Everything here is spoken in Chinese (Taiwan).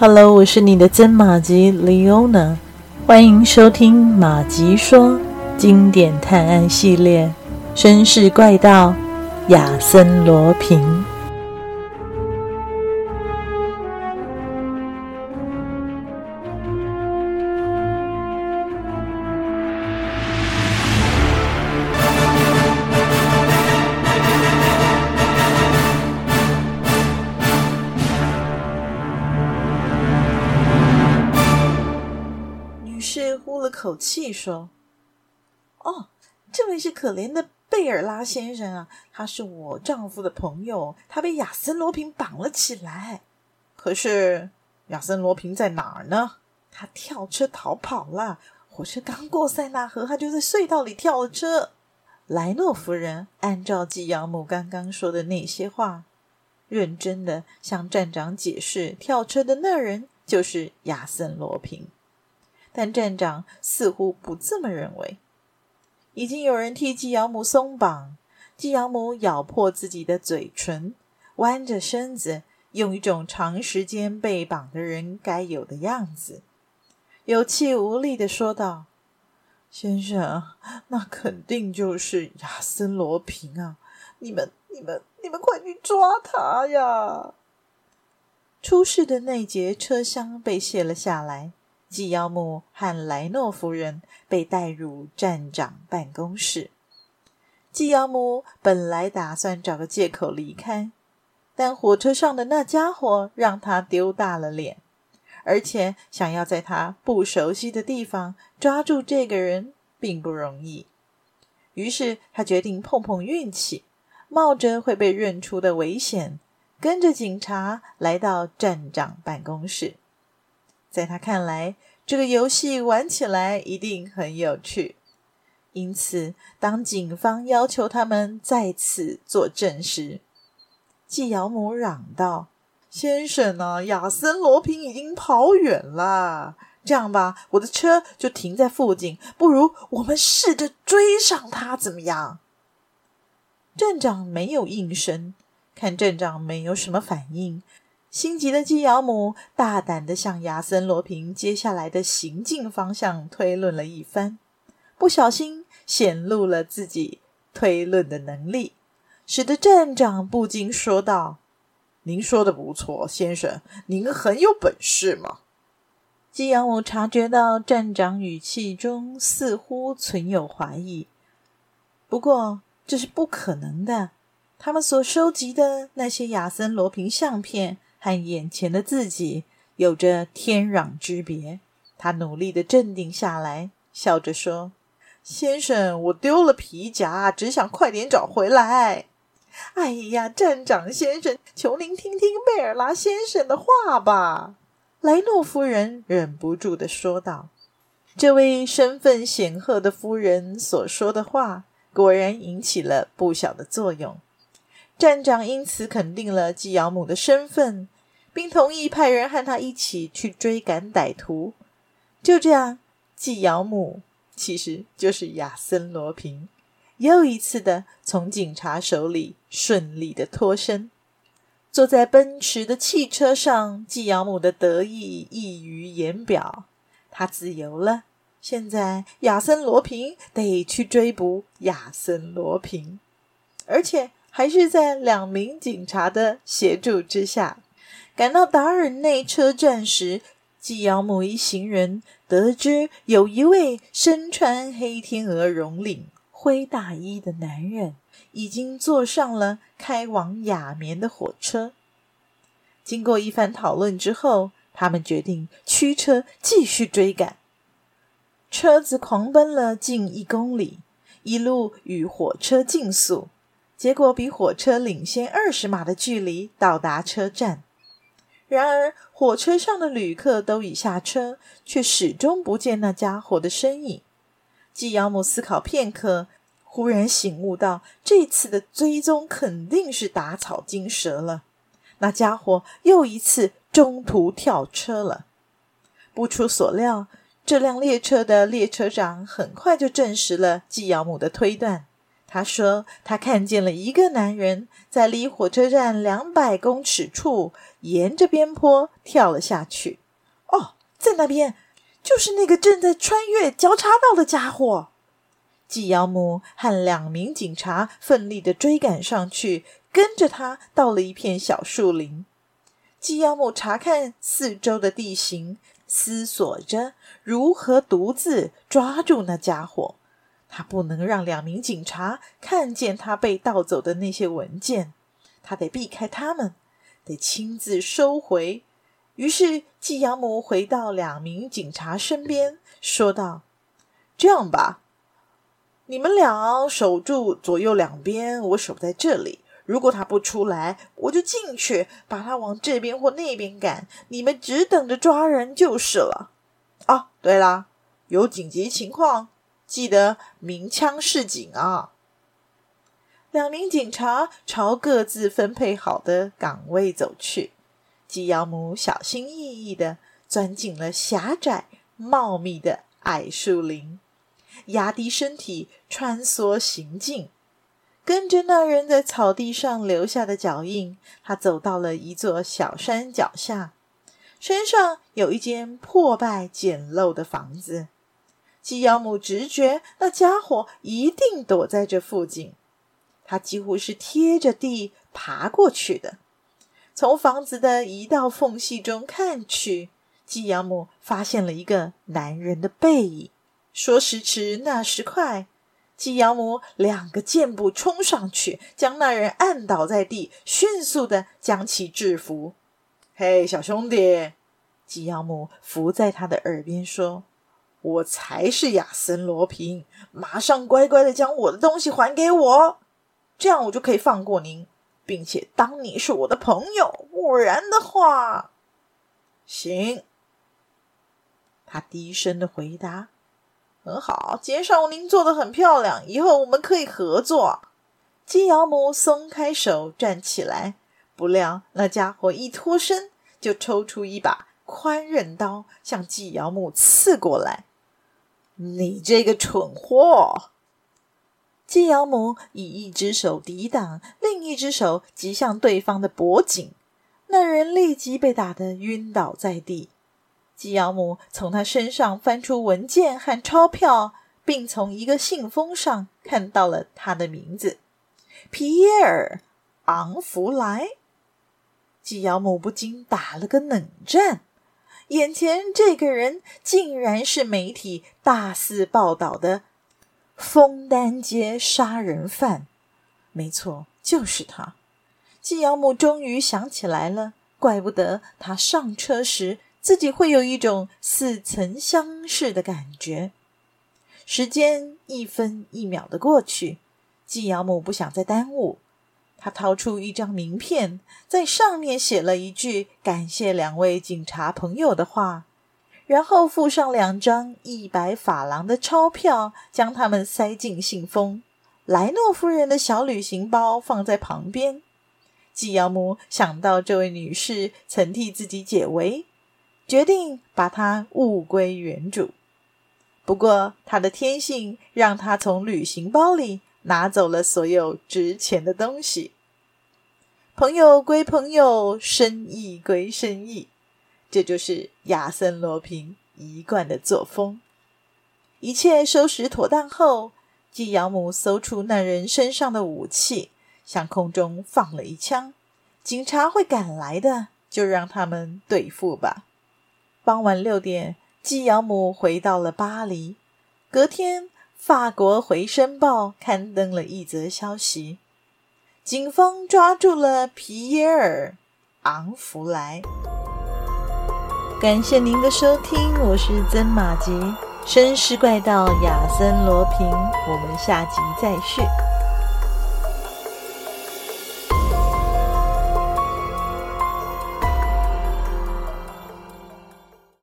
哈嘍，Hello, 我是你的真馬吉 Liona，歡迎收聽馬吉說經典探案系列《紳士怪盜亞森羅蘋》。口氣說：“哦，這位是可憐的貝爾拉先生啊，他是我丈夫的朋友，他被亞森羅平綁了起來。可是亞森羅平在哪兒呢？他跳車逃跑了。火車剛過塞納河，他就在隧道裡跳了車。”萊諾夫人按照紀揚姆剛剛說的那些話，認真的向站長解釋，跳車的那人就是亞森羅平。但站長似乎不這麼認為。已經有人替紀堯姆鬆綁，紀堯姆咬破自己的嘴唇，彎着身子，用一種長時間被綁的人該有的樣子，有氣無力的說道：“先生，那肯定就是亞森·羅平啊！你們、你們、你們快去抓他呀！”出事的那節車廂被卸了下來。紀堯姆和萊諾夫人被帶入站長辦公室。紀堯姆本來打算找個借口離開，但火車上的那家伙讓他丟大了臉，而且想要在他不熟悉的地方抓住這個人並不容易。於是他決定碰碰運氣，冒着會被認出的危險，跟着警察來到站長辦公室。在他看來，這個遊戲玩起來一定很有趣。因此，當警方要求他們再次作證時，季堯姆嚷道：“先生啊，亞森羅蘋已經跑遠了。這樣吧，我的車就停在附近，不如我們試着追上他，怎麼樣？”站長沒有應聲。看站長沒有什麼反應。心急的基瑤姆大膽的向亞森羅蘋接下來的行進方向推論了一番，不小心顯露了自己推論的能力，使得站長不禁說道：“您說的不錯，先生，您很有本事嘛。”基瑤姆察覺到站長語氣中似乎存有懷疑，不過這是不可能的，他們所收集的那些亞森羅蘋相片。和眼前的自己有着天壤之別。他努力的鎮定下來，笑着說：“先生，我丟了皮夾，只想快點找回來。”“哎呀，站長先生，求您聽聽貝爾拉先生的話吧。”萊諾夫人忍不住的說道，這位身份顯赫的夫人所說的話，果然引起了不小的作用。站長因此肯定了紀堯姆的身份，並同意派人和他一起去追趕歹徒。就這樣，紀堯姆其實就是亞森羅平，又一次的從警察手裡順利的脫身。坐在奔馳的汽車上，紀堯姆的得意溢於言表，他自由了，現在亞森羅平得去追捕亞森羅平，而且。還是在兩名警察的協助之下，趕到達爾內車站時，紀堯姆一行人得知，有一位身穿黑天鵝絨領灰大衣的男人已經坐上了開往雅眠的火車。經過一番討論之後，他們決定驅車繼續追趕。車子狂奔了近一公里，一路與火車競速。結果比火車領先二十碼的距離到達車站，然而火車上的旅客都已下車，卻始終不見那家伙的身影。季姚母思考片刻，忽然醒悟到，這次的追蹤肯定是打草驚蛇了，那家伙又一次中途跳車了。不出所料，這輛列車的列車長很快就證實了季姚母的推斷。他說：“他看見了一個男人在離火車站兩百公尺處，沿着邊坡跳了下去。哦，在那邊，就是那個正在穿越交叉道的家夥。”紀堯姆和兩名警察奮力地追趕上去，跟着他到了一片小樹林。紀堯姆查看四周的地形，思索着如何獨自抓住那家夥。他不能讓兩名警察看見他被盜走的那些文件，他得避開他們，得親自收回。於是繼陽母回到兩名警察身邊，說道：“這樣吧，你們倆守住左右兩邊，我守在這裡。如果他不出來，我就進去，把他往這邊或那邊趕。你們只等着抓人就是了。哦，對了，有緊急情況。”記得鳴槍示警啊！兩名警察朝各自分配好的崗位走去。紀堯姆小心翼翼的鑽進了狹窄茂密的矮樹林，壓低身體穿梭行進，跟着那人在草地上留下的腳印，他走到了一座小山腳下，山上有一間破敗簡陋的房子。寄瑤母直覺那家伙一定躲在這附近，他幾乎是貼着地爬過去的。從房子的一道縫隙中看去，寄瑤母發現了一個男人的背影。說時遲，那時快，寄瑤母兩個箭步衝上去，將那人按倒在地，迅速的將其制服。嘿，小兄弟，寄瑤母伏在他的耳邊說。我才是亞森·羅平，馬上乖乖的將我的東西還給我，這樣我就可以放過您，並且當你是我的朋友。不然的話，行。”他低聲的回答，“很好，今天上午您做的很漂亮，以後我們可以合作。”季堯姆鬆開手，站起來，不料那家伙一脫身，就抽出一把寬刃刀向季堯姆刺過來。你這個蠢貨！紀堯姆以一只手抵擋，另一只手擊向對方的脖頸，那人立即被打得暈倒在地。紀堯姆從他身上翻出文件和鈔票，並從一個信封上看到了他的名字——皮耶爾·昂弗萊。紀堯姆不禁打了個冷戰。眼前這個人竟然是媒體大肆報道的楓丹街殺人犯，沒錯，就是他。紀堯姆終於想起來了，怪不得他上車時自己會有一種似曾相識的感覺。時間一分一秒的過去，紀堯姆不想再耽誤。他掏出一張名片，在上面寫了一句感謝兩位警察朋友的話，然後附上兩張一百法郎的鈔票，將它們塞進信封。萊諾夫人的小旅行包放在旁邊。紀堯姆想到這位女士曾替自己解圍，決定把它物歸原主。不過，他的天性讓他從旅行包裡。拿走了所有值錢的東西。朋友歸朋友，生意歸生意，這就是亞森·羅蘋一貫的作風。一切收拾妥當後，繼養母搜出那人身上的武器，向空中放了一槍。警察會趕來的，就讓他們對付吧。傍晚六點，繼養母回到了巴黎。隔天。法國《回聲報》刊登了一則消息：警方抓住了皮耶爾·昂弗萊。感謝您的收聽，我是曾馬吉，紳士怪盜亞森·羅平，我們下集再續。